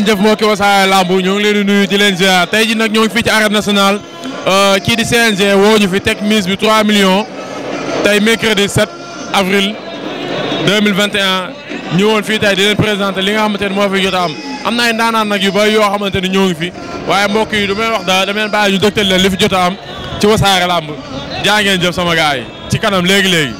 ngeen jëf mbokki Wassare Lamb ñoo ngi leen di nuyu di leen ziar tey ji nag ñoo ngi fii ci arène nationale euh, kii di CNG woo ñu fi teg mise bi 3 millions tey mercredi 7 avril 2021 ñëwoon fii tey di leen présenter li nga xamante ni moo fi jot a am am na ay ndaanaan nag yu bëri yoo xamante ni ñoo ngi fi waaye mbokk yi du may wax daal dama leen bàyyi ñu dëgtal leen li fi jot ci Wassare Lamb jaa ngeen jëf sama gars yi ci kanam léegi léegi.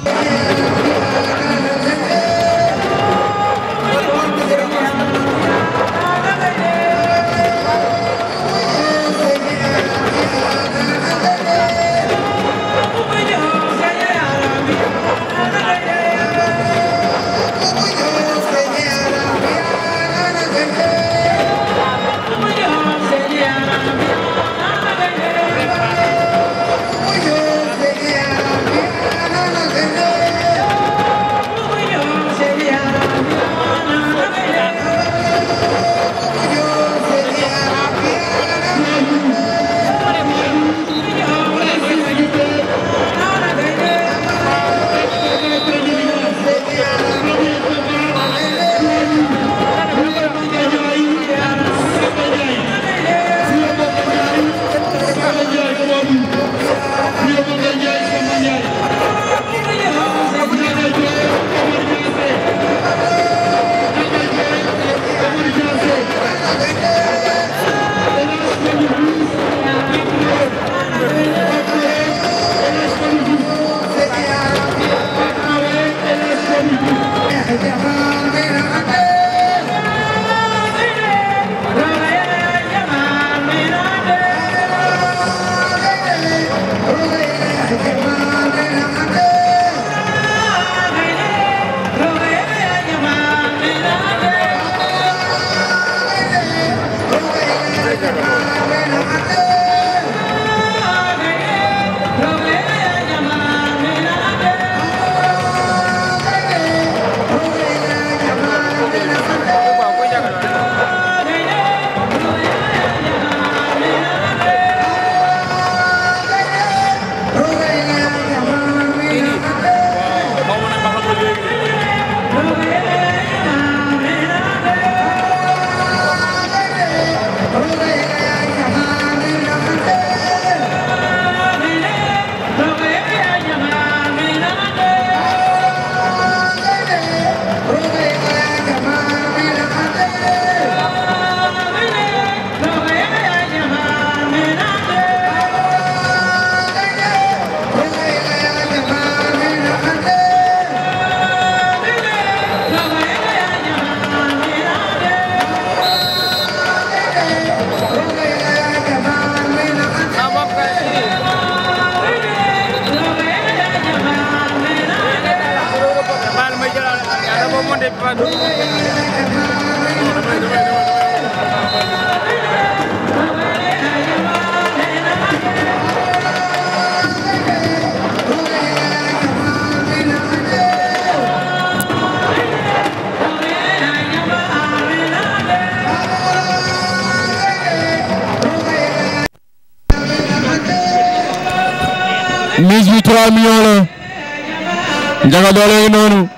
Ndiaga Dolé ngi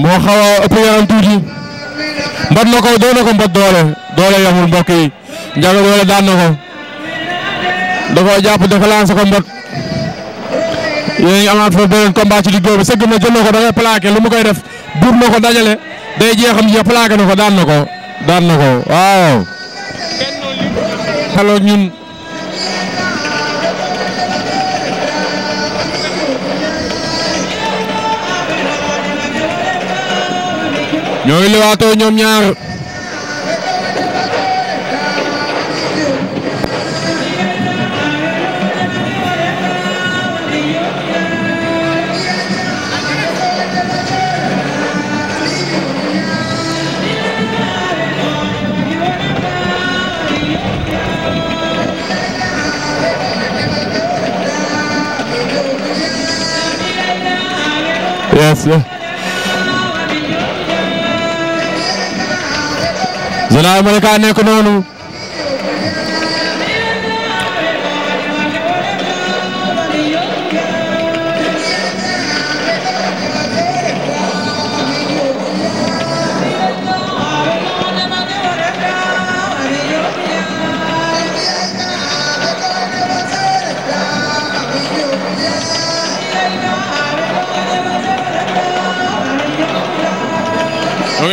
moo xaw a ëpp yaram tuuti na ko doon na doole doole yamul mbokk yi Ndiaga Dolé daan na ko da koo jàpp dafa lancé ko mbat yéen ñu amaat fa beneen combat ci diggóo bi sëgg na jël na ko da ngay plaqué lu mu koy def buur na ko dajale day jeexam jeex plaqué na ko daan na ko daan na ko waaw. alors ñun. ñoo ngi lewaatoo ñoom ñaar Général Malika nekk noonu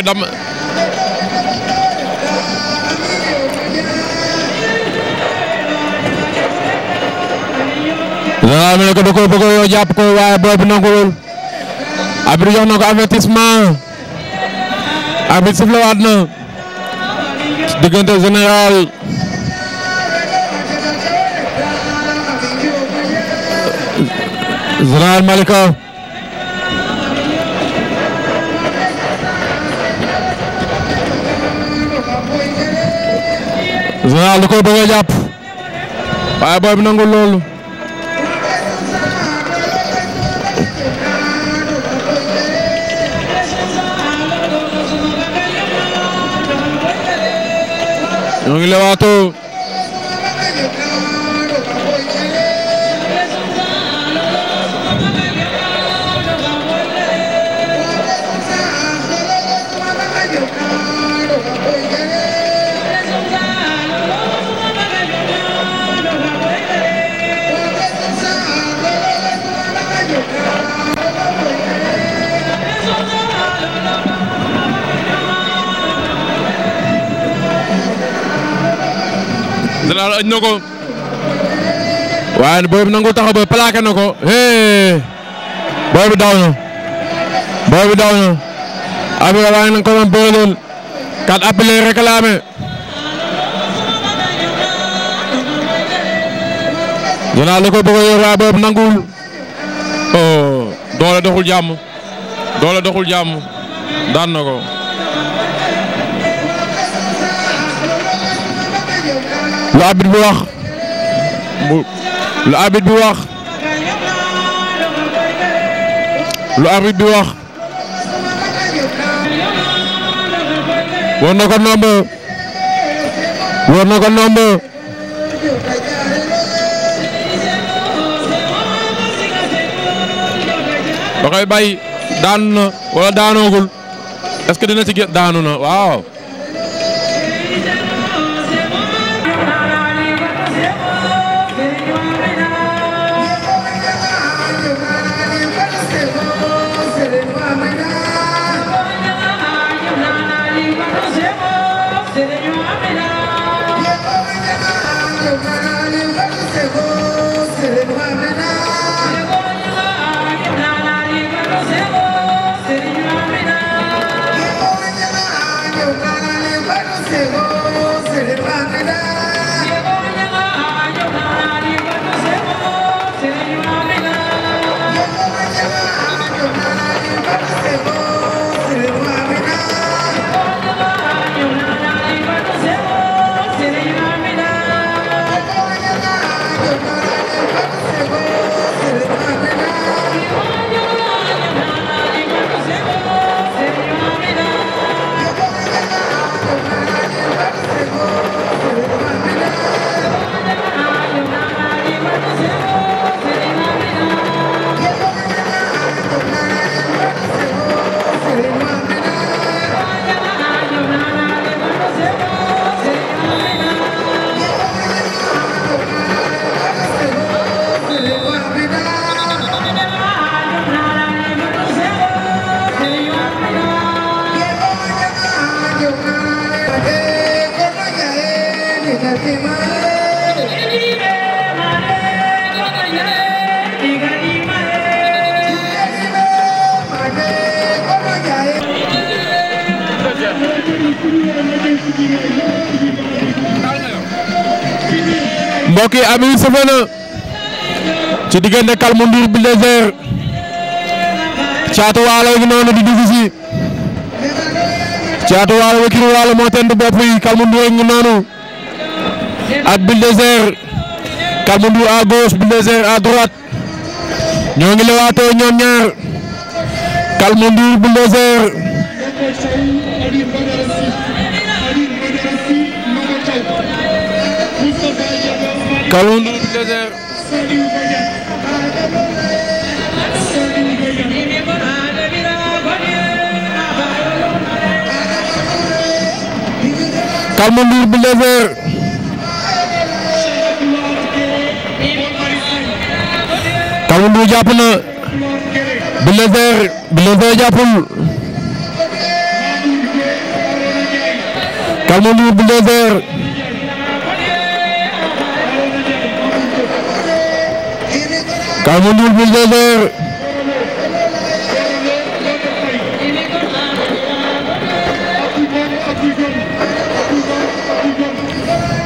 dama waaye mu ne ko da koo jox na ko avertissement arbitre sifflé général général Malika général da koo waaye booy bi nanguwul ñoo ngi lewaatoo général añ na ko waaye booy bi nangu taxaw ba plaqué na ko hee booy bi daw na booy bi daw na abi waaye nanga ko doon kat appelé réclamé général da ko bëgg a yor waaye booy oh, doole doxul jàmm doole doxul jàmm daan na ko lu abit bi wax lu abit bi wax lu abit bi wax war na ko nomb war na ko nomb da koy bay daan na wala daanoogul est-ce que dina ci gën daanu na waaw mbokk yi am na sëfë na ci diggante Calme Ndour Buldozer Caatu Waalo gi noonu di dugg si Caatu Waalo wakiru Waalo moo tent bopp yi ngi noonu ak Buldozer Calme Ndour à gauche Buldozer à droite ñoo ngi lewaatoo ñoom ñaar Calme Ndour Buldozer Kalou Ndour du désert Kalou Ndour jàpp na bu Calme Ndour Bulldozer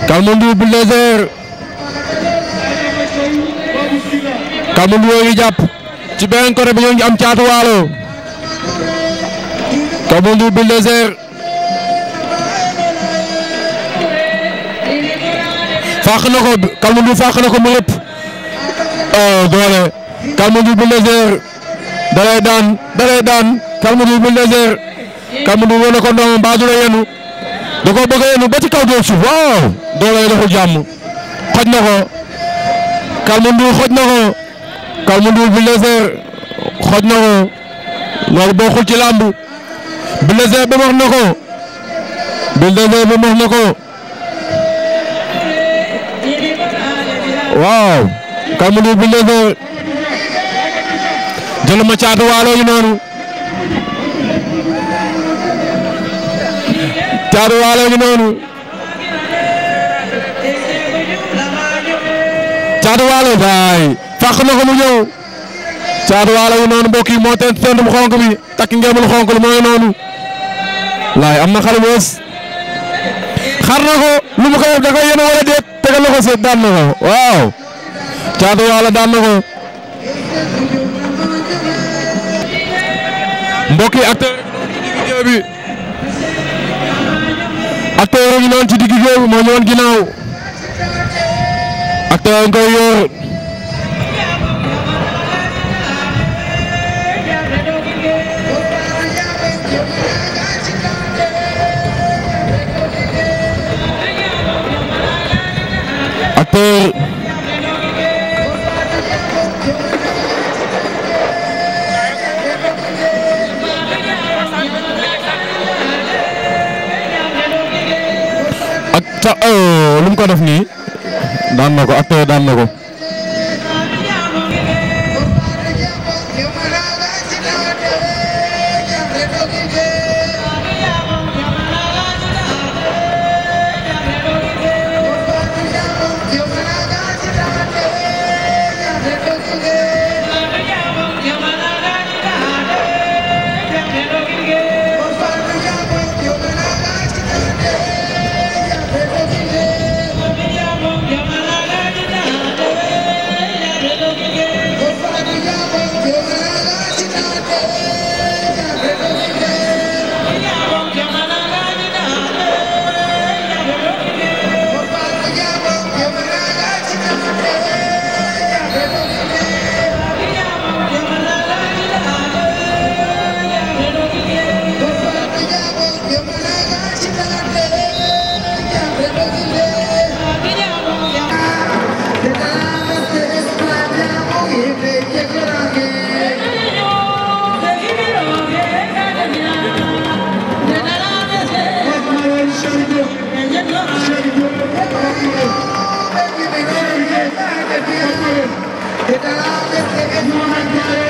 Calme Ndour Bulldozer Calme Ndour ngi ci beneen côté bi ngi am caatu na ko Calme Ndour fàq ko mu Eh, doole Calme du Bulldozer dalay daan dalay daan Calme du Bulldozer Calme du wone ko ndoom baadu la yenu da ko a ba ci kaw doo waaw doole yi doxul jàmm xoj na ko Calme na ko Calme du Bulldozer na ko loolu bokkul ci làmb na ko waaw Kalmoudir bu Ndefleng jëluma waalo ñu noonu waalo ñu noonu waalo baay fàq na ko mu ñëw caatu waalo ñu noonu moo tent tent bu xonk bi takk ngeemul xonk lu mooy noonu laay am na xale boos na ko lu mu koy def da koy yéene tegal na ko seet na waaw. Caatu Waalo daan na ko mbokk yi acteur yi ñu ngi acteur ci digg géew bi moo ñëwoon ginnaaw acteur yi koy yor acteur lu mu ko def nii daan na ko acté daan na ko. Thank you.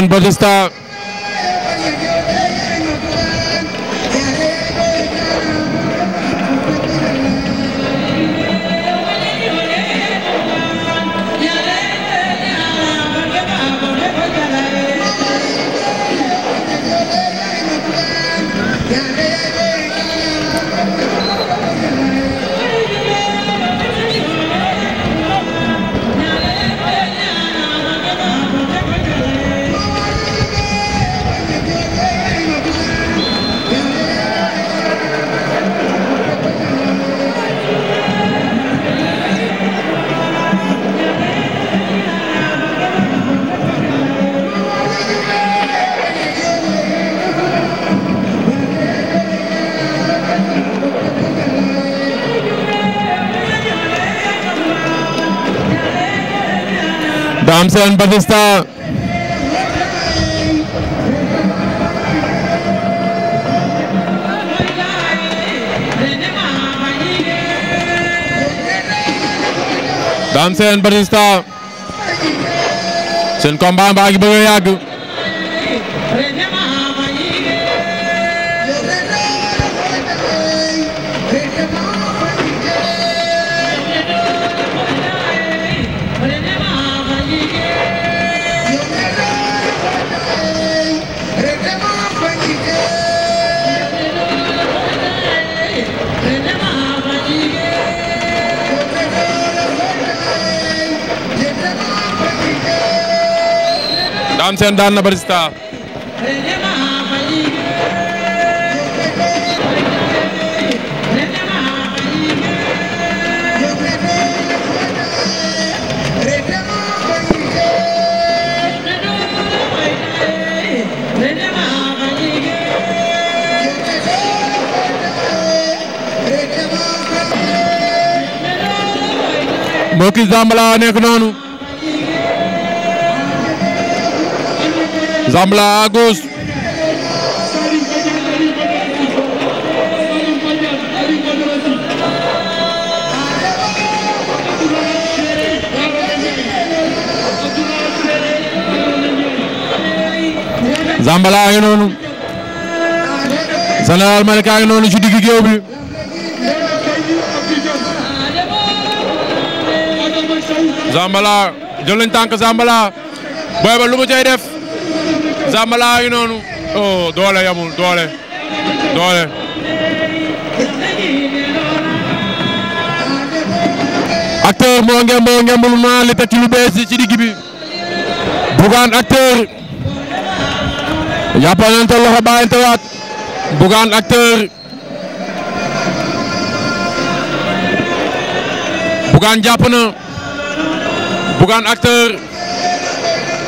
Brian Batista Ramsey Batista Ramsey Batista seen combat baa ngi bëgg a yàgg Dame Sène daan na Batista mbokki Zambala nekk noonu Zambala à gauche. Zambala a ngi noonu. Général Malika a ngi noonu ci digg géew bi. Zambala jël nañ booy ba lu Zambala yi noonu oh doole yamul doole doole. acteur moo ngi moo ngi amul maa li tëcc lu bees ci digg bi. Bougane acteur. jàppalante loxo bàyyante waat. Bougane acteur. Bougane jàpp na. Bougane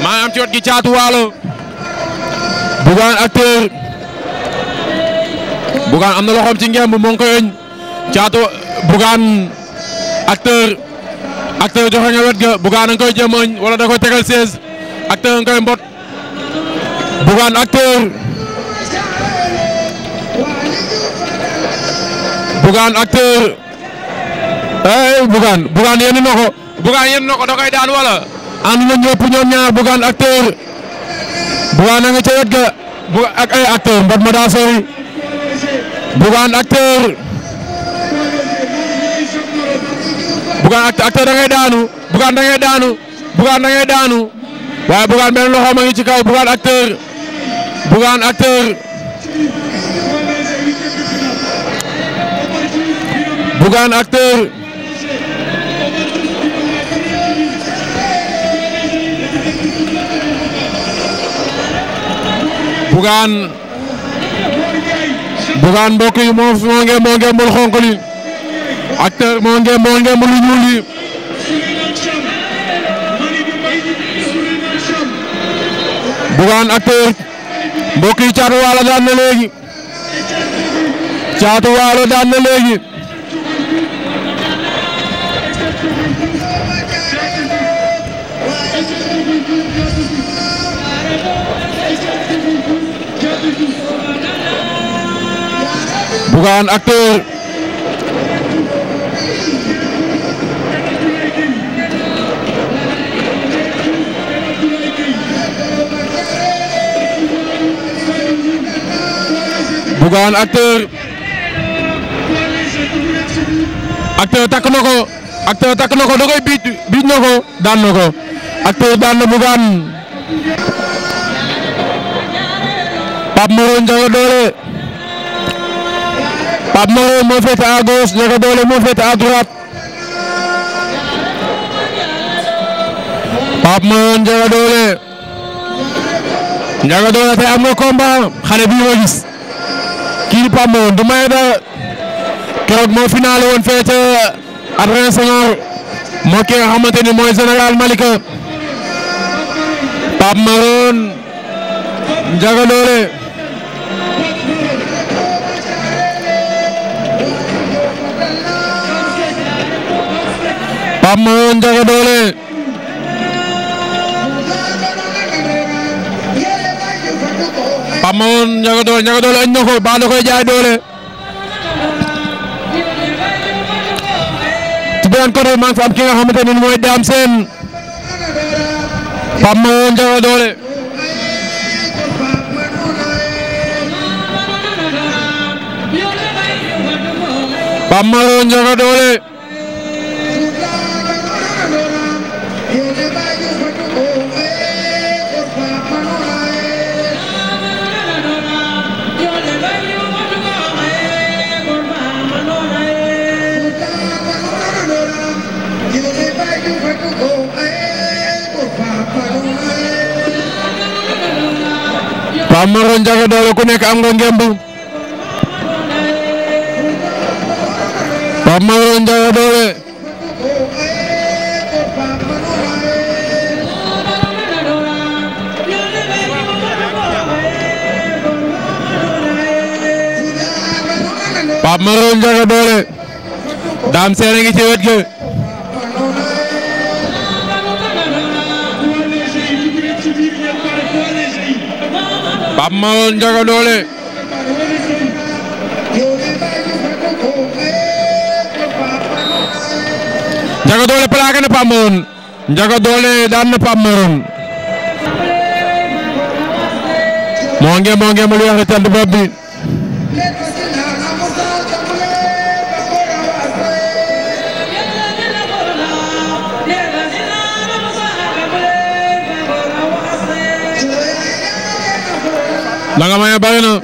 maa ngi am gi caatu waalo. Bougane acteur Bougane am na loxoom ci ngemb moo ngi koy ëñ caatu Bougane acteur acteur joxe nga wet ga Bougane a ngi koy jëm ëñ wala da koy tegal 16 acteur nga koy mbot Bougane acteur Bougane acteur ay Bougane Bougane yenn na ko Bougane yenn da koy daan wala ànd na ñëpp ñoom ñaar Bougane acteur Bougane nga ca wet ga bu ak ay acteur daanu Bougane da daanu waaye Bougane benn loxo ma ngi ci kaw Bougane acteur Bougane acteur Bougane Bougane mbokk yi moo moo ngeen moo ngeen mbool xonk li acteur moo ngeen caatu waalo daan na léegi caatu waalo daan na léegi Bougane acteur Bougane takk na ko acteur takk na ko da biit biit daan na ko acteur daan na Bougane Pape Moro Ndiaga Dolé Pape moo féete à gauche Ndiaga moo féete à droite Pape Moro Ndiaga Dolé Ndiaga Dolé tey am nga combat xale du may da keroog moo finale woon féete Adrien Senghor moo ki nga ni mooy général Malika Pape Moro Ndiaga Pape Maone Ndiaga Dolé Pape añ na ko baa da koy jaay doole ci beneen côté maa ngi fi am ki nga xamante ne mooy Dame Sène Pape Maone Pape Maron Ndiaga Dolé ku nekk am nga ngemb Pape Maron Ndiaga Dolé Pape Maron Ndiaga a ngi ci wet Mal Ndiaga Dolé Ndiaga Dolé plaqué Maroon Ndiaga Dolé daan na Maroon moo ngi moo ngi mu lu weex la nga maye bari na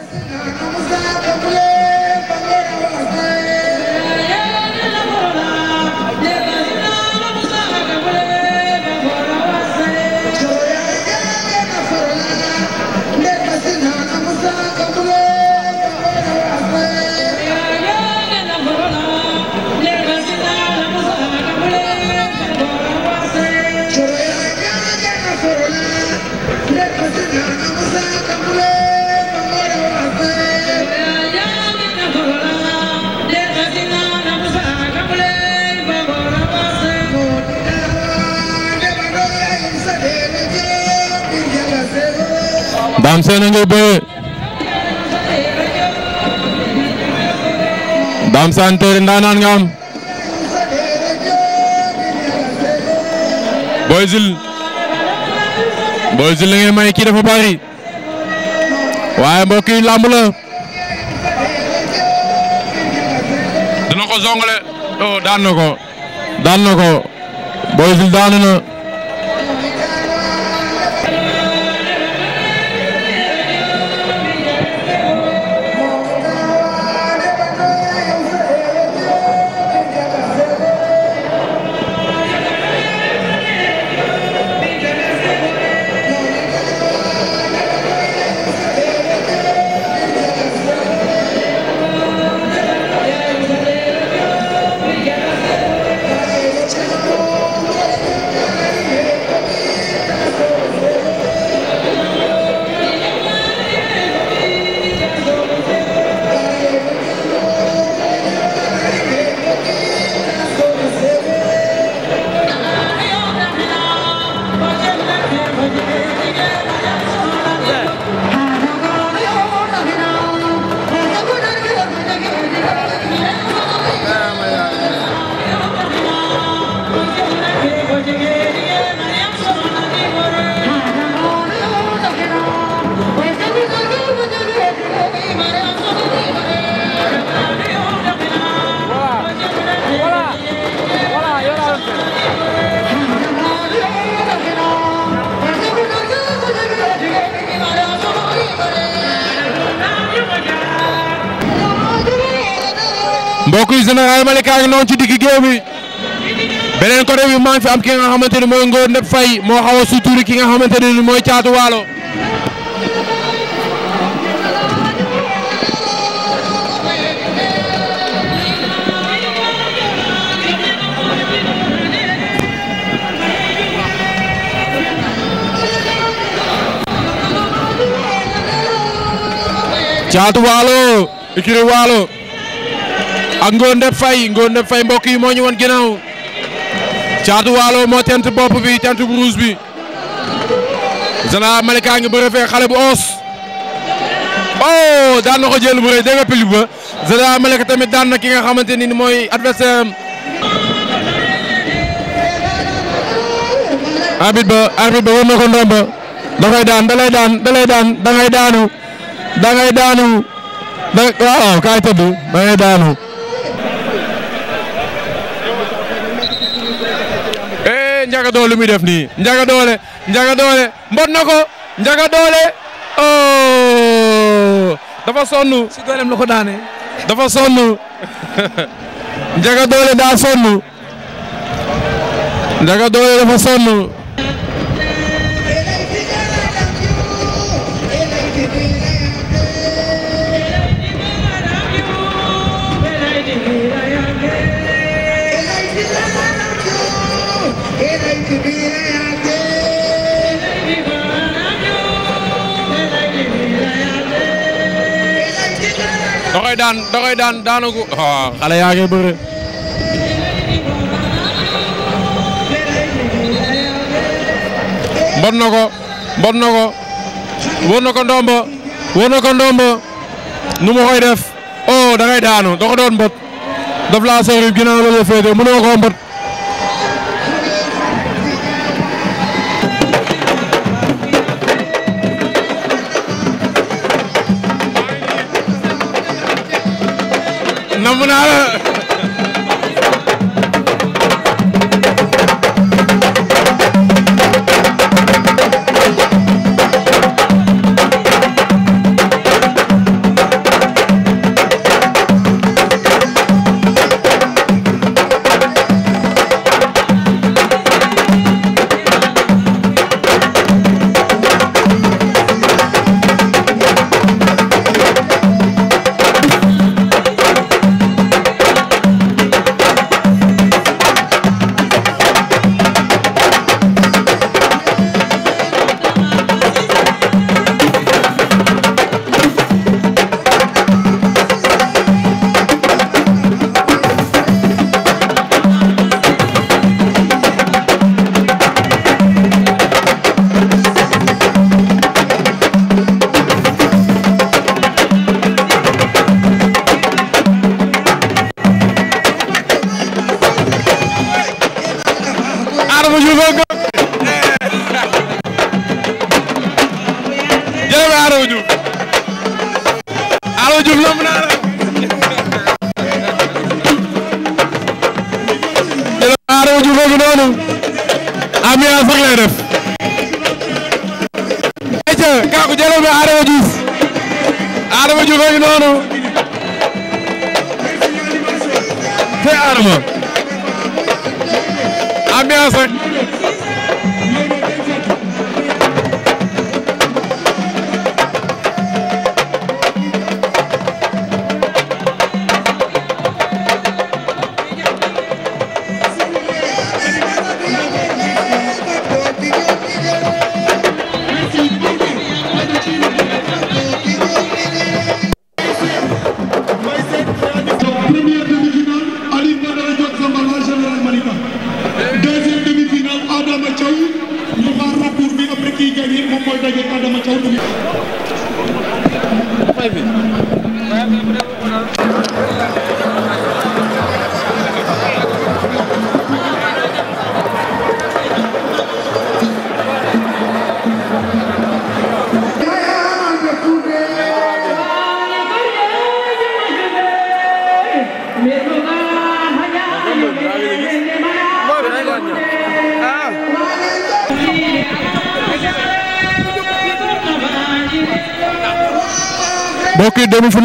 seen a ngay bëre ndaanaan nga am Boy Jules Boy Jules may kii dafa bari waaye mbokk yi làmb la dina ko zongale oh daan na ko daan na ko Boy Jules daan na Malick kaa ci digg géew ni mooy Ngor moo xaw a suturi ki nga xamante ni mooy Caatu Waalo ikiri Waalo ak Ngonde Faye Ngonde Faye mbokk yi moo ñu woon ginnaaw caatu waalo moo tent bopp bi tent bu rouge bi Général Malika ngi bëre fee xale bu os oh daan na ko jël bu rëy nga pili ba Général Malika tamit daan na ki nga xamante ni mooy adversaire am. arbitre ba arbitre ba war na ko ndomba da koy daan da daanu da daanu da daanu. Ndiaga Dolé lu muy na ko Ndiaga Dolé oh dafa sonn. si dooleem la ko daane. dafa sonn Ndiaga Dolé daa sonn Ndiaga Dolé dafa da koy daan da koy daan yaa ngi bëre bon na ko bon na ko wër na ko wër na ko nu ma def oh da ngay daanu da ko doon mbot daf laa sori ginnaaw la la féete mënoo koo mbot naa la lamb naa la aare wu juufa gi noonu ambiance sax lay def eca kaaku jëlal ma aare wu juuf aare wu juufa gi noonu te aare ma ambiance rek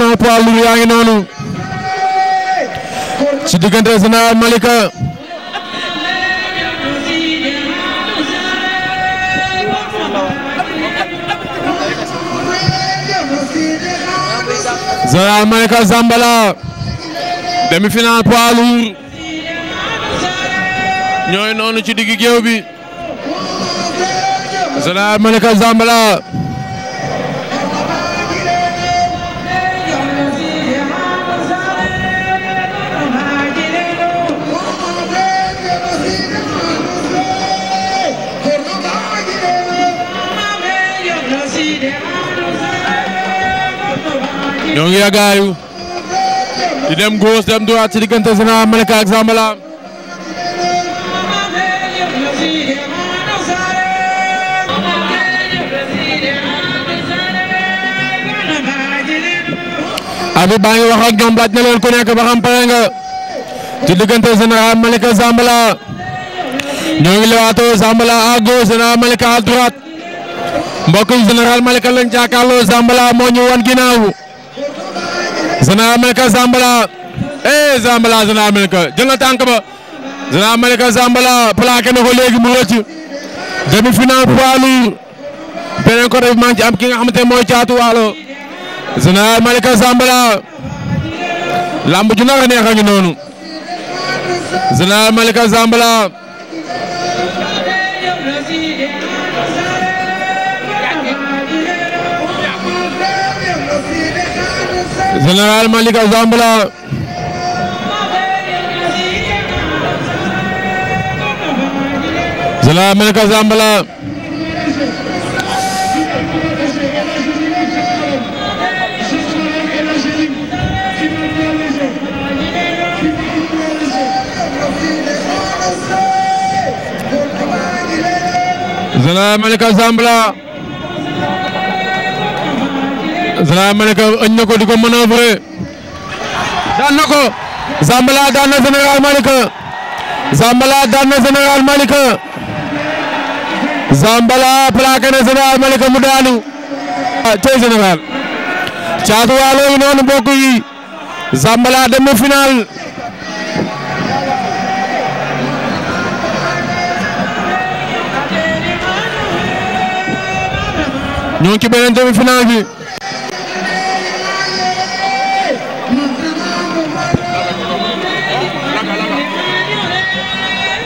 tournoi poids lourd yaa ngi noonu ci diggante Général Malika Général Malika Zambala demi-finale poids lourd ñooy noonu ci digg géew bi Général Malika Zambala ñoo ngi yàggaayu di dem góos dem droit ci diggante Général Malika ak Zambala abi baa ngi wax ak ñoom laaj na leen ku nekk ba xam pare nga ci diggante Général Malika ñoo ngi lewaatoo Zambala à gauche Général Malika à droite mbokk Général Malika lañ jàkkaarloo Zambala moo ñu wan ginnaaw Général Malika Zambala eh Zambala Général Malika jël na tànk Malika Zambala plaqué na ko léegi mu rëcc demi final poids beneen côté bi maa ki nga ne mooy caatu waalo Général Malika Zambala lamb ju noonu Général Malika Zambala. général Malick Zambala général Malick Zambala général Malick Zambala Général Malika ëñ na ko di daan na ko Malika Zambala daan na Général Malika Zambala plaqué na Général Malika mu daanu ah, tey Général Caatu Waalo yi noonu mbokk yi Zambala dem final ñoo ngi demi final bi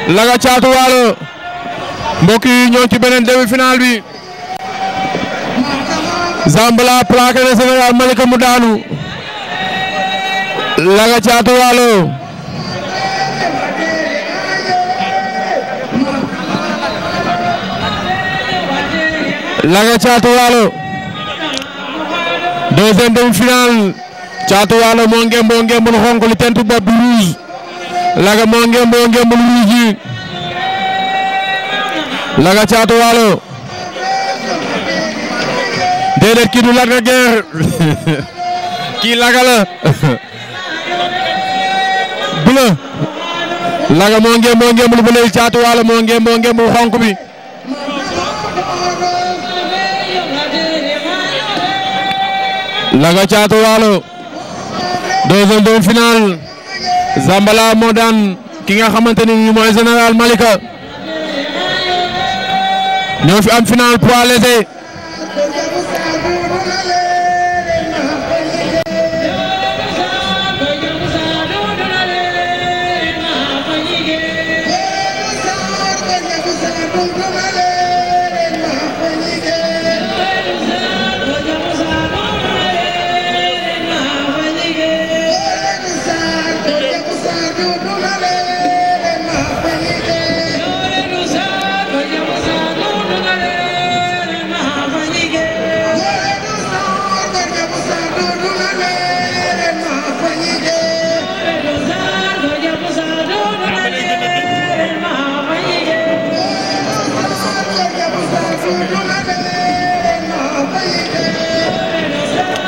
Laga Caatu Waalo mbokk yi ñoo ci beneen demi-finale bi Zambala plaqué na Sénégal Malika mu daanu Laga Caatu Waalo Laga Caatu Waalo Caatu Waalo moo ngem moo ngem li tentu bopp bi Laga moo ngemb boo ngemb lu muy ji Laga Caatu Waalo déedéet kii du Laga Guerre kii Laga la bula Laga moo ngemb boo ngemb Caatu Waalo moo ngemb boo bi Laga Caatu Waalo deuxième demi-finale Zambala moo daan ki nga xamante ni nii mooy général Malika ñoo fi am final poids léger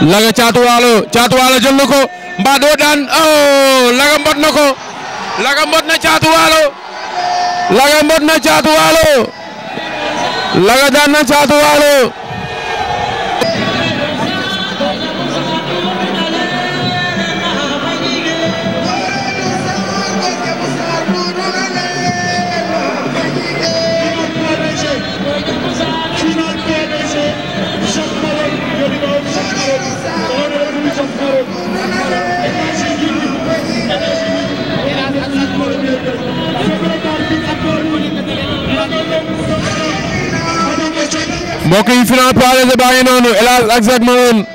Laga Caatu Waalo Caatu na ko mbaa doo daan oh, Laga mbot na ko Laga mbot na Caatu Waalo Laga mbot na Caatu Waalo Laga daan na Caatu mbokk yi final paré baa ngi noonu El Hadj ak Jacques Maone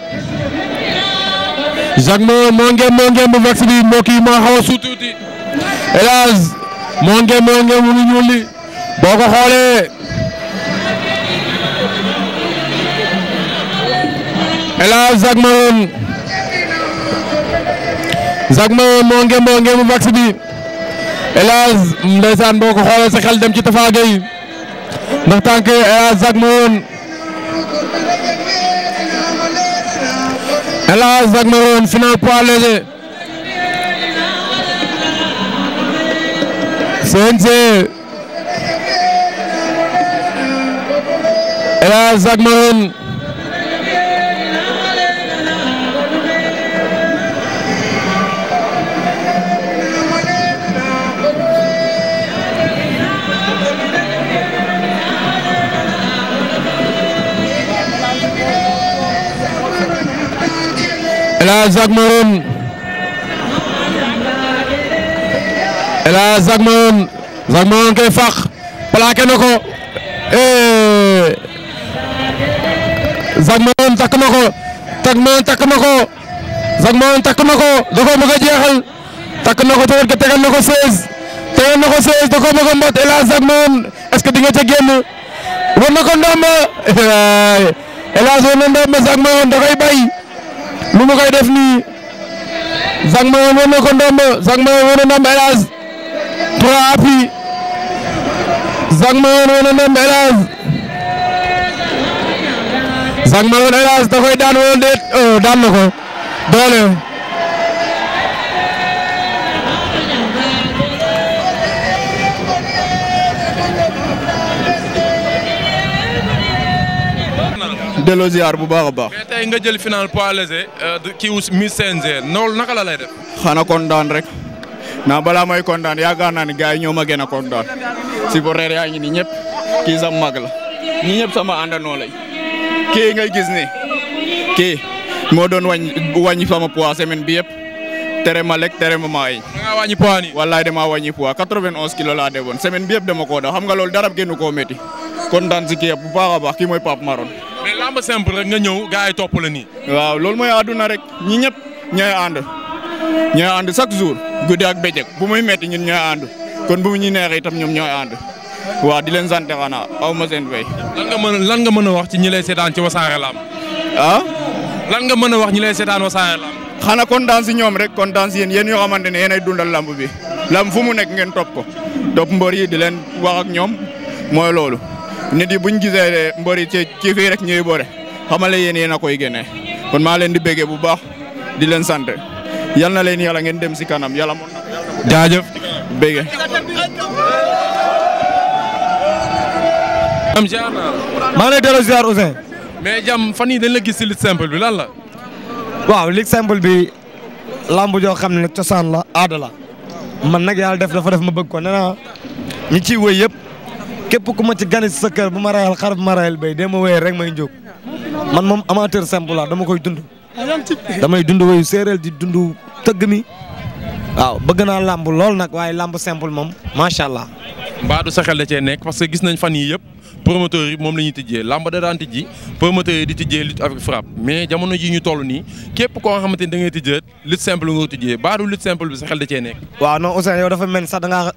Jacques Maone moo ngem moo ngem bu vax bi mbokk yi moo xaw a suut tuuti El Hadj moo ngem moo ngem bu ñuul li boo ko xoolee El Hadj Jacques Maone Jacques Maone moo ngem moo ngem bu vax bi El Hadj ndeysaan boo ko xoolee sa xel dem ci Tafa Gueye ndax tànk El Hadj Jacques Maone Elhadj ak Marone final poids léger CNG Elhadj ak Marone Elhadj Zack Marone Elhadj Zack Marone Zack Marone takk na ko eh. takk na ko Zack Marone takk na ko da koo bëgg a jeexal takk na ko tamit tegal na ko 16 tegal que di nga ca génn war na ko ndàmba Elhadj war na ndàmba Zack lu ma koy def nii Zack Mayon woon na ko ndomb Zack Mayon woon na ndomb El Hadj trois appuis Zack Mayon woon na ndomb El Hadj Zack Mayon koy daan wala déet oh daan na ko doole delloo ziar bu baax a baax. nga jël final poids léger euh, kii wu mi CNG noonu naka la lay def. xanaa kontaan rek na balaa may kontaan yaakaar naa ne gars yi ñoo ma gën a kontaan si bo reer yaa ngi ni ñëpp kii sama mag la ñi ñëpp sama àndandoo lañ kii ngay gis ni kii moo doon wàññi wàññi sama poids semaine bi yëpp tere ma lekk tere ma maa yi. wallaay damaa wàññi poids 91 kilos laa demoon semaine bi yëpp dama koo daw xam nga loolu dara génnu koo métti kontaan si kii bu baax lamb simple rek nga ñëw gars yi topp la nii. waaw loolu mooy àdduna rek ñi ñëpp ñooy ànd ñooy ànd chaque jour guddi ak bëccëg bu muy metti ñun ñooy ànd kon bu ñuy neexee itam ñoom ñooy ànd waaw di leen sant xanaa aw ma seen fay. lan nga mën lan nga mën a wax ci ñi lay seetaan ci wasaare lamb. ah. lan nga mën a wax ñi lay seetaan wasaare lamb. xanaa kontaan si ñoom rek kontaan si yéen yéen yoo xamante ne yéenay dundal lamb bi lamb fu mu nekk ngeen topp ko topp mbër yi di leen wax ñoom mooy loolu nit yi buñ gisee mbër yi ci ci fii rek ñuy boore xamale yéen yéen a koy génne kon maa leen di béggee bu baax di leen sant yal na leen yàlla ngeen dem si kanam yala moon na jaajëf béggee am ziar naa la. maa ngi lay delloo jam fan yii dañ la gis si lutte simple bi lan la. waaw lutte simple bi lamb joo xam ne cosaan la aada la man nag yàlla def dafa def ma bëgg ko nee naa ñi ciy wëy yëpp. képp ku ma ci gane sa kër bu ma rayal xar bu ma rayal béy dee ma wéyee rek may njóg man moom amateur simple la dama koy dund damay dund wéyu séeréer di dund tëgg mi waaw bëgg naa làmb lool nag waaye làmb simple moom macha allah. mbaa du sa xel da cee nekk parce que gis nañ fan yii yëpp promoteurs yi moom la ñuy tijjee làmb da daan tijji promoteurs yi di tijjee lutte avec frappe mais jamono ji ñu toll nii képp koo xamante ni da ngay tijjee lutte simple nga ko tijjee mbaa du lutte simple bi cee nekk.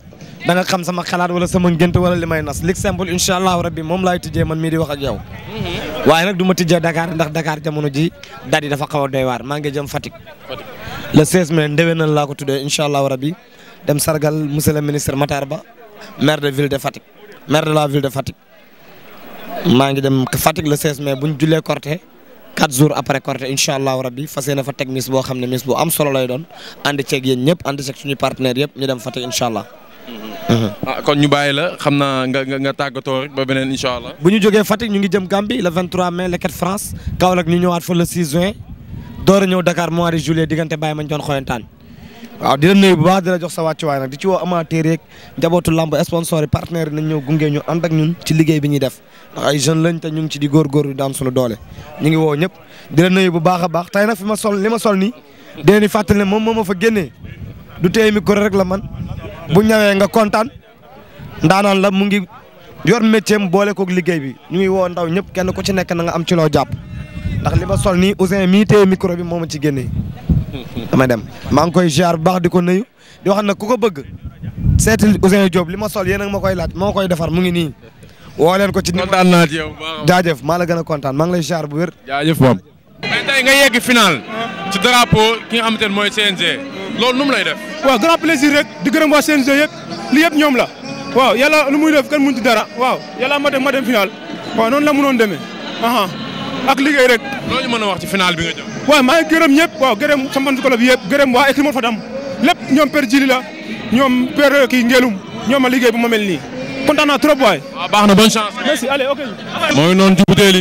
da xam sama xalaat wala sama ngént wala li may nas lig simple incha allahu rabbi moom laay tijjee man mii di wax ak yow mm-hmm. waaye nag duma ma tijjee Dakar ndax dakaar jamono ji daal di dafa xaw a doy waar maa ngi jëm Fatick le 16 mai ndéwénal laa ko tuddee incha allahu rabbi dem sargal monsieur le ministre Matar Ba maire de ville de Fatick maire de la ville de Fatick maa ngi dem Fatick le 16 mai buñ jullee corté quatre jours après Korité incha allahu rabbi fas yéene fa boo xam ne mis bu am solo lay doon ànd ceeg yéen ñëpp ànd ceeg suñu partenaire yëpp ñu dem fa teg allah Mm-hmm. ah kon ñu bàyyi la xam naa nga nga tàggatoo rek ba beneen incha allah. bu ñu jógee Fatick ñu ngi jëm gambi le 23 mai le 4 France Kaolack ñu ñëwaat fa le juin door a ñëw Dakar mois de juillet diggante Baye Mandione Khoyantane. waaw di la nuyu bu baax di la jox sa wàccuwaay nag di ci woo amateur yeeg njabootu lamb sponsor yi partenaire yi nañ ñëw gungee ñu ànd ak ñun ci liggéey bi ñuy def ndax ay lañ te ñu ngi ci di góor góorgóorlu daan suñu doole ñu ngi woo ñëpp di la nuyu bu baax a baax tey nag fi ma sol li ma sol nii dinañ fàttali ne moom moo ma fa génnee du téye micro rek la man bu ñëwee nga kontaan ndaanaan la mu ngi yor métier boole koog liggéey bi ñu ngi woo ndaw ñëpp kenn ku ci nekk na nga am ci loo jàpp ndax li ma sol nii Ouzin mii téye micro bi moo ma ci génnee dama dem maa ngi koy ziar bu baax di ko nuyu di wax nag ku ko bëgg seetil Ouzin Diop li ma sol yéen a ma koy laaj moo koy defar mu ngi nii woo leen ko ci. kontaan naa jaajëf maa la gën a kontaan maa ngi lay ziar bu wér. jaajëf moom. mais tey nga yegg final. Ah. ci loolu nu mu lay def. waaw grand plaisir rek di gërëm waa CNG yëpp li yëpp ñoom la waaw yàlla lu muy def kenn mënut dara waaw yàlla ma dem ma dem final waaw noonu la mënoon demee ak liggéey rek. loo ñu mën a wax ci final bi nga jëm. waaw maa ngi gërëm ñëpp waaw gërëm sama club bi yëpp gërëm waa équipe Fadam lépp ñoom père Jili la ñoom père kii Ngelum ñoom ma liggéey bu ma mel nii kontaan naa trop waay. baax na bonne chance. merci allez ok. mooy noonu ci butéel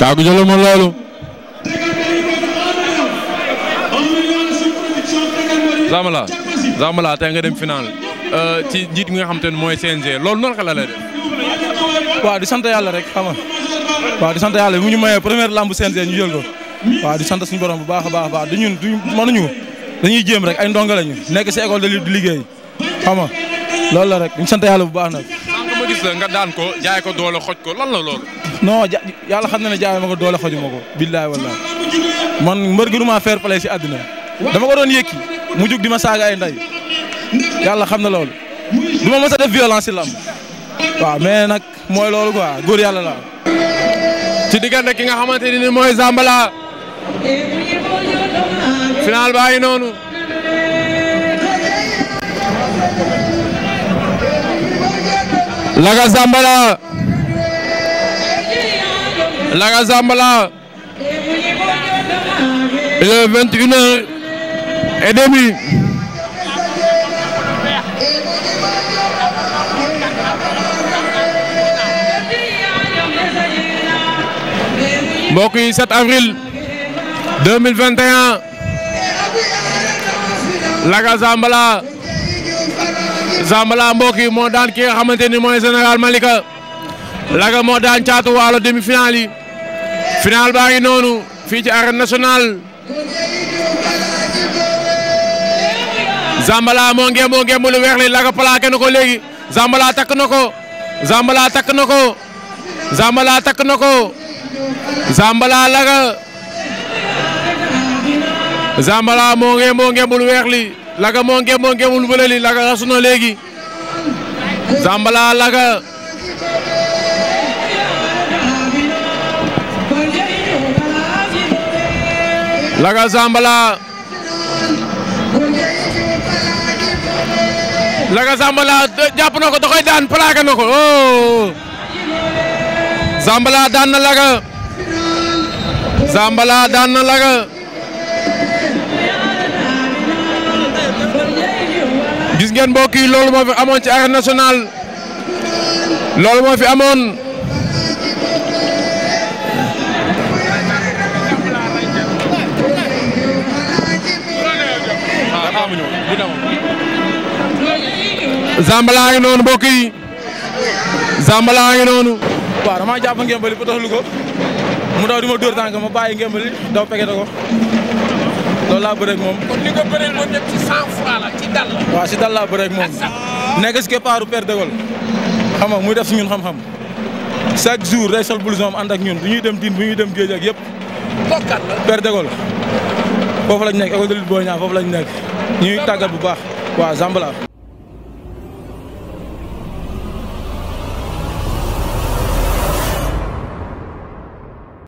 Kaagu Jolof ma loolu. Zambala Zambala tey nga dem final euh, ci njiit mi nga xam te ne mooy CNG loolu noonu la lay def. waaw di sant yàlla rek xam nga waaw di sant yàlla bi mu ñu mayee première lamb CNG ñu jël ko waaw di sant suñu borom bu baax a baax a baax du ñun du mënuñu dañuy jéem rek ay ndongo lañu nekk si école de lutte liggéey xam nga loolu la rek ñu sant yàlla bu baax nak gis la nga daan ko jaay ko doole xoj ko lan la loolu. non ja yàlla xam na ne jaay ma ko doole xojuma ko. billaay wallaay man mbër gënuma fair play si àddina dama ko doon yëkki mu jug di ma saaga ay ndey yàlla xam na lool du ma mës a def violence si lamb waaw mais nag mooy loolu quoi góor yàlla la ci diggante ki nga xamante ni mooy Zambala final baa ngi Laga Zambala Laga Zambala il est vingt une heures et demie mbokk yi 7 avril 2021 Laga Zambala mbokk yi moo daan ki nga xamante ni mooy Général Malika Laga moo daan caatu waalo demi-finale final baa noonu fii ci arène nationale moo ngeem moo ngeem Laga plaqué na ko léegi Zambala takk na ko Zambala takk na ko Zambala takk na ko Zambala Laga Zambala moo ngeem moo ngeem Laga moo ngeem moo ngeemul Laga rasu na léegi Laga. Laga Zambala. Laga jàpp na ko da koy daan plaqué na ko oh. daan na Laga. Zambala daan na Laga. gis ngeen mbokk yi loolu moo fi amoon ci arène nationale loolu moo fi amoon. Zambala a ngi noonu mbokk yi Zambala a noonu. waaw damaa jàpp ngembali ba tax lu ko mu daw ma dóor tànk ma bàyyi ngembali daw pegete ko. laa bëreeg moom. kon li nga bëreeg moom ñëpp ci 100 francs la muy def si ñun xam-xam chaque jour day sol blouson ànd ak ñun bu ñuy dem diin bu ñuy dem géej ak yëpp. kookat foofu lañ nekk école de lutte foofu lañ nekk ñuy tàggat bu baax waaw Zambala.